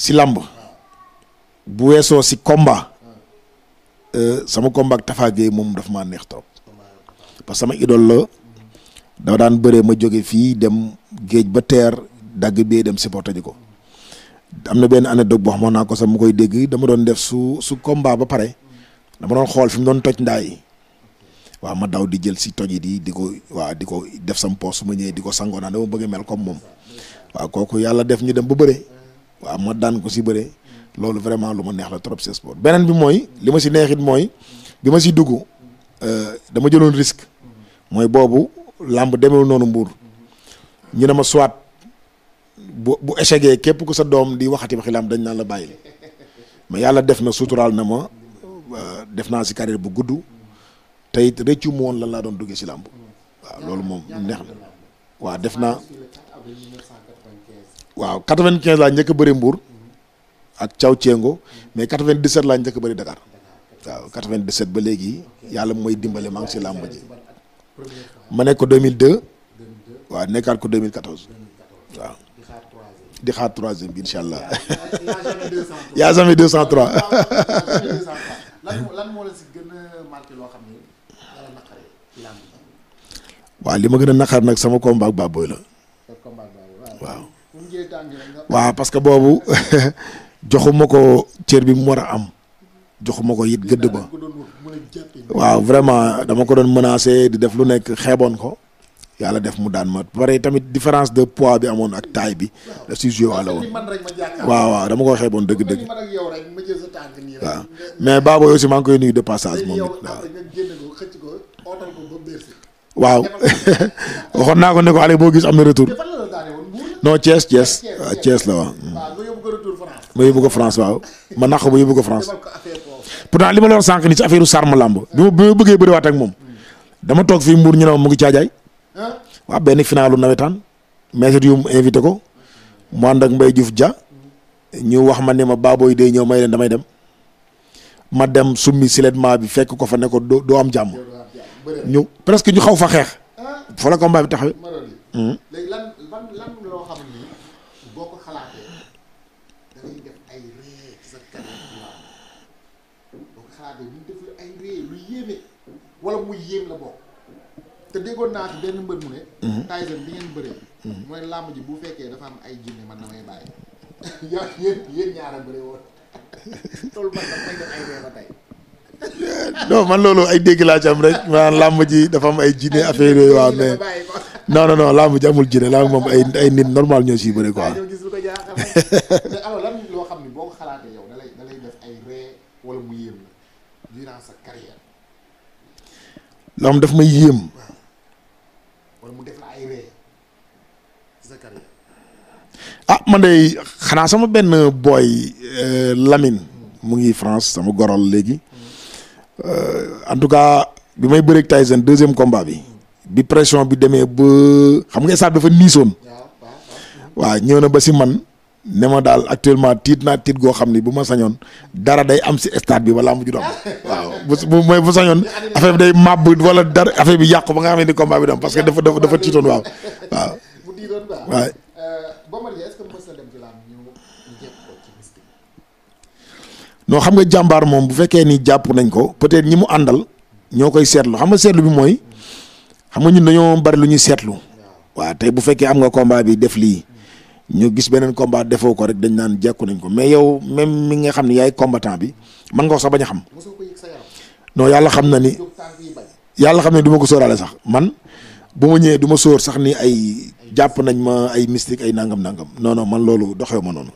si làmb bu weesoo si combat euh, sama combat ak Tafa Gueye moom dafa ma neex trop parce que sama idole la dafa daan bëree ma jóge fii dem géej ba teer dagg bee dem supporté ji ko am na benn anecdote boo xamoon naa ko sax mu koy dégg dama doon def su su combat ba pare dama doon xool fi mu doon toj ndaa yi waaw ma daw di jël si toj yi di di ko waaw di ko def sam poos su ma ñëwee di ko sangoo naa dama bëgg mel comme moom waaw kooku yàlla def ñu dem ba bëre. waaw ma daan ko si bëre loolu vraiment lu ma neex la trop si sport beneen bi mooy li ma si neexit mooy bi ma si dugg euh, dama jëloon risque mooy boobu làmb demeewul noonu mbuur ñu ne ma soit bu bu képp ku sa doom di waxati waxi làmb dañ naan la bàyyi ma yàlla def na suturaal na ma euh, def naa si carrière bu gudd tey it rëccu mu woon lan laa doon duggee si làmb waaw loolu moom neex na waaw def naa waaw 95 laa njëkk a bëri Mbour ak Thiaw Thiengo mais 97 laa njëkk a bëri Dakar waaw 97 ba léegi yàlla mooy dimbali maa ngi si làmb ji ma nekk ko 2002 waaw nekkaat ko 2014 waaw di xaar troisième bi incha allah loo xam waaw li ma gën a naqar nag sama combat ak Baboy la waaw waaw parce que boobu joxuma ko cër bi mu war a am joxuma ko it gëdd ba waaw vraiment dama ko doon menacé di def lu nekk xeeboon ko yàlla def mu daan ma pare tamit différence de poids bi amoon ak taille bi daf si joué waaw waaw dama ko xeeboon dëgg-dëgg waaw mais Baboy aussi maa ngi koy nuyu de passage moom it waaw waxoon naa ko ne ale boo gis am na retour non Thiès Thiès waaw ah, ah, Thiès la waaw. ma yóbbu ko France waaw ma naq ma yóbbu ko France. pourtant li ma leen sànq ni ci affaire sarmu làmb bi ma bi ma bëggee bëriwaat ak moom dama toog fii Mbour ñu ne mu ngi caajaay waaw benn finalu nawetaan maître yu invité ko mu ànd ak Mbaye Diouf ñu wax ma ne ma baabooy day ñëw may leen damay dem ma dem summi siletment bi fekk ko fa nekkoo ko doo am jàmm ñu presque ñu xaw fa xeex fa la combat bi taxawee ban lan loo xam ni boo ko xalaatee da def ay ree sa carrière bi boo ko xalaatee ñu def lu yéeme wala mu yéem la bokk te déggoon naa ci benn mbër mu ne. Mhm. Tyson bi ngeen bëree. Mhm. mooy làmb ji bu fekkee dafa am ay jinne man damay man daf may def ay man loolu ay dégg laa ci rek maanaam làmb ji dafa am ay jinne affaire yooyu waaw non non non làmb ji amul jine làmb moom ay ay nit normal ñoo si bëri quoi. ko jaaxal ne boo ko yow da mu yéem la daf may yéem. wala mu def la ay ah man de xanaa sama benn booy euh, Lamine. mu ngi France sama gorol léegi. Hmm. Euh, en tout cas bi may bëreeg Tyson deuxième compa bi. bi pression bi demee ba xam nga stade dafa niisoon waaw ñëw na ba si man ne ma daal actuellement tiit naa tiit goo xam ni bu ma sañoon dara day am si stade bi wala mu ju doon waaw bu bu mooy bu sañoon affaire bi day màbb wala dara affaire bi yàqu ba nga xam ne combat bi parce que dafa dafa dafa tiitoon waaw waaw. Euh, xam nga jàmbaar moom bu fekkee ni jàpp nañ ko peut-être ñi mu àndal ñoo koy seetlu xam nga seetlu bi mooy. xam nga ñun dañoo bari lu ñuy seetlu waaw tey bu fekkee am nga combat bi def lii ñu gis beneen combat defoo ko rek dañ naan jekku nañ ko mais yow même mi nga xam ne yaay combattant bi man nga ko sax bañ a xam non yàlla xam na ni yàlla xam ne duma ko sóoraale sax man bu ma ñëwee du ma sóor sax ni ay jàpp nañ ma ay mystique ay nangam-nangam non man loolu doxew ma noonu.